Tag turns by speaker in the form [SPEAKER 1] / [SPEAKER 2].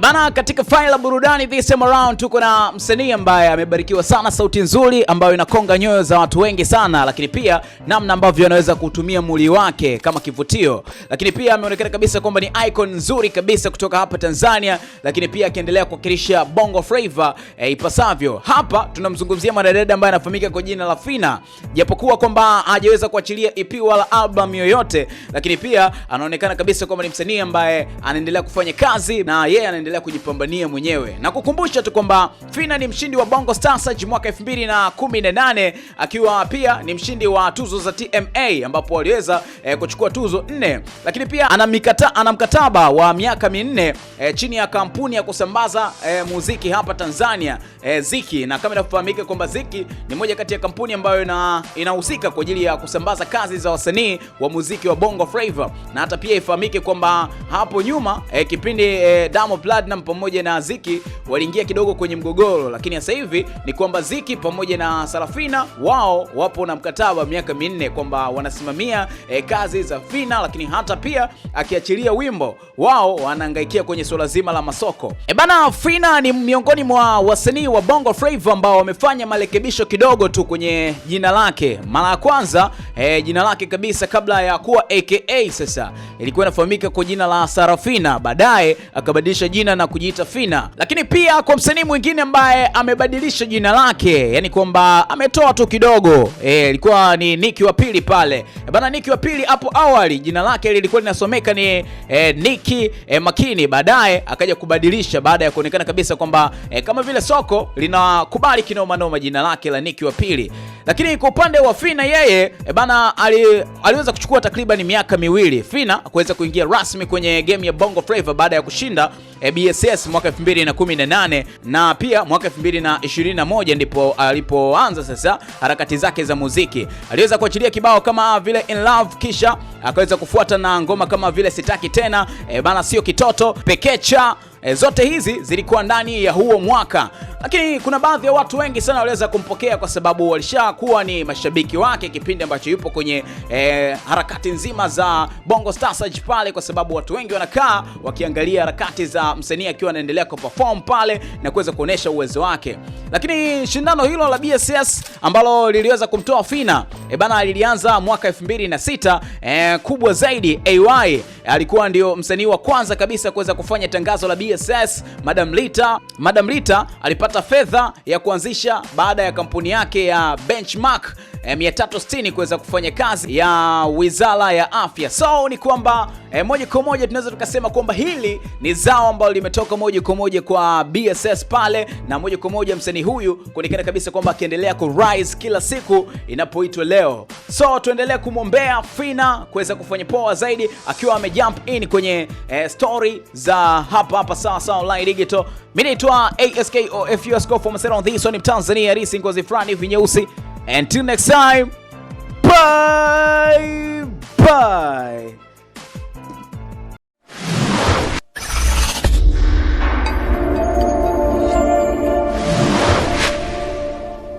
[SPEAKER 1] Bana, katika faila burudani this time around tuko na msanii ambaye amebarikiwa sana sauti nzuri ambayo inakonga nyoyo za watu wengi sana, lakini pia namna ambavyo anaweza kutumia mwili wake kama kivutio, lakini pia ameonekana kabisa kwamba ni icon nzuri kabisa kutoka hapa Tanzania, lakini pia akiendelea kuwakilisha Bongo Flava e, ipasavyo. Hapa tunamzungumzia mwanadada ambaye anafahamika kwa jina la Phina, japokuwa kwamba hajaweza kuachilia EP wala album yoyote, lakini pia anaonekana kabisa kwamba ni msanii ambaye anaendelea kufanya kazi na yeye yeah, anaendelea kujipambania mwenyewe, na kukumbusha tu kwamba Fina ni mshindi wa Bongo Star Search mwaka 2018 akiwa pia ni mshindi wa tuzo za TMA ambapo aliweza eh, kuchukua tuzo nne, lakini pia ana mikata, ana mkataba wa miaka minne eh, chini ya kampuni ya kusambaza eh, muziki hapa Tanzania eh, Ziki, na kama inafahamika kwamba Ziki ni moja kati ya kampuni ambayo ina inahusika kwa ajili ya kusambaza kazi za wasanii wa muziki wa Bongo Flava, na hata pia ifahamike kwamba hapo nyuma eh, kipindi eh, Diamond Platnumz Platinum pamoja na Ziki waliingia kidogo kwenye mgogoro, lakini sasa hivi ni kwamba Ziki pamoja na Sarafina wao wapo na mkataba miaka minne kwamba wanasimamia e, kazi za Fina, lakini hata pia akiachilia wimbo wao wanahangaikia kwenye suala zima la masoko. E bana, Fina ni miongoni mwa wasanii wa Bongo Flava ambao wamefanya marekebisho kidogo tu kwenye jina lake. Mara ya kwanza e, jina lake kabisa kabla ya kuwa AKA sasa ilikuwa inafahamika kwa jina la Sarafina, baadaye akabadilisha jina jina na kujiita Fina, Lakini pia kwa msanii mwingine ambaye amebadilisha jina lake, yani kwamba ametoa tu kidogo, eh, ilikuwa ni Nicky wa pili pale e, bana. Nicky wa pili hapo awali jina lake lilikuwa linasomeka ni e, Nicky e, Makini, baadaye akaja kubadilisha baada ya kuonekana kabisa kwamba e, kama vile soko linakubali kinoma noma jina lake la Nicky wa pili. Lakini kwa upande wa Fina yeye e, bana ali, aliweza kuchukua takriban miaka miwili Fina kuweza kuingia rasmi kwenye game ya Bongo Flava baada ya kushinda e, BSS mwaka 2018 na pia mwaka 2021 ndipo alipoanza sasa harakati zake za muziki. Aliweza kuachilia kibao kama vile In Love, kisha akaweza kufuata na ngoma kama vile Sitaki Tena, e, bana sio kitoto, Pekecha E, zote hizi zilikuwa ndani ya huo mwaka, lakini kuna baadhi ya watu wengi sana waliweza kumpokea kwa sababu walishakuwa ni mashabiki wake kipindi ambacho yupo kwenye e, harakati nzima za Bongo Star Search pale, kwa sababu watu wengi wanakaa wakiangalia harakati za msanii akiwa anaendelea kuperform pale na kuweza kuonesha uwezo wake. Lakini shindano hilo la BSS ambalo liliweza kumtoa Fina e bana, lilianza mwaka 2006. E, eh, kubwa zaidi AY alikuwa ndio msanii wa kwanza kabisa kuweza kufanya tangazo la BSS. Madam Lita, Madam Lita alipata fedha ya kuanzisha baada ya kampuni yake ya Benchmark 360 eh, kuweza kufanya kazi ya Wizara ya Afya. So ni kwamba eh, moja kwa moja tunaweza tukasema kwamba hili ni zao ambalo limetoka moja kwa moja kwa BSS pale, na moja kwa moja msanii huyu kuonekana kabisa kwamba akiendelea ku rise kila siku inapoitwa leo. So tuendelea kumwombea Phina kuweza kufanya poa zaidi, akiwa amejump in kwenye eh, story za hapa hapa sawa Online Digital. Mimi naitwa ASKOFUSCO from Seron, this one Tanzania, risi kwa zifrani hivi nyeusi. Until next time, bye bye.